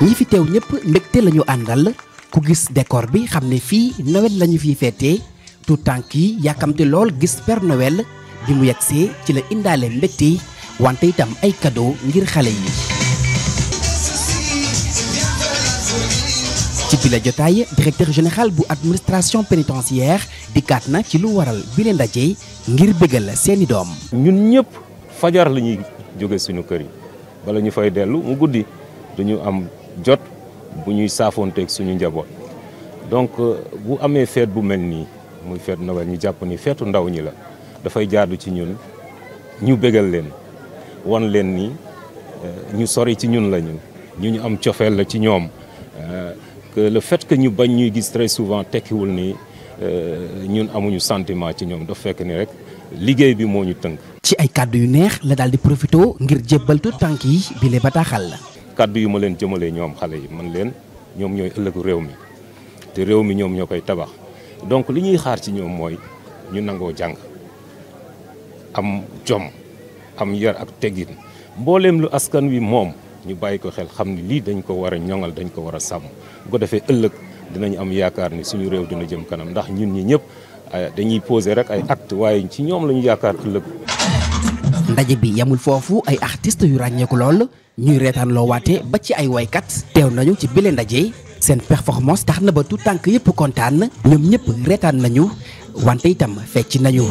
ñi fi teew ñëpp mbégte lañu ñu àndal ku gis dekoor bi xam ne fii nawet lañu ñu fiy feetee tout tànk yi yàkkamte lool gis Père Noël bi mu yegsee ci la indaale mbégte wante itam ay kado ngir xale yi ci bi la jotaay directeur général bu administration pénitentiaire dikkaat na ci lu waral bi leen dajee ngir bëggal seeni doom. ñun ñëpp fajar lañuy jóge suñu kër yi bala ñu fay dellu mu guddi duñu am jot bu ñuy saafoonteeg suñu njaboot donc euh, bu amee feet bu mel nii muy feet Noël ñu jàpp ni feetu ndaw ñi la dafay jaadu ci ñun ñu bëggal leen wan leen nii euh, ñu sori ci ñun lañu ñu ñu am cofeel la ci ñoom. Euh, que le fait que ñu bañ ñuy gis très souvent tekkiwul ni euh, ñun amuñu sentiment ci ñoom daf fekk ni rek liggéey bi moo ñu tënk. ci ay kàddu yu neex la daal di profité ngir jébbal tànk yi bi le bataaxal la. kàddu yu ma leen jëmalee ñoom xale yi man leen ñoom ñooy ëllëgu réew mi te réew mi ñoom ñoo koy tabax donc li ñuy xaar ci ñoom mooy ñu nangoo jàng am jom am yar ak teggin mbooleem lu askan wi moom. ñu bàyyi ko xel xam ni lii dañ ko war a ñoŋal dañ ko war a sàmm bu ko defee ëllëg dinañ am yaakaar ni suñu réew dina jëm kanam ndax ñun ñi ñëpp dañuy poser rek ay acte waaye ci ñoom lañu ñu yaakaar ëllëg. ndaje bi yamul foofu ay artist yu ràññeeku lool ñuy reetaan loo waate ba ci ay woykat teew nañu ci bile ndaje seen performance tax na ba tout tànk yëpp kontaan ñoom ñëpp reetaan nañu wante itam fecc nañu.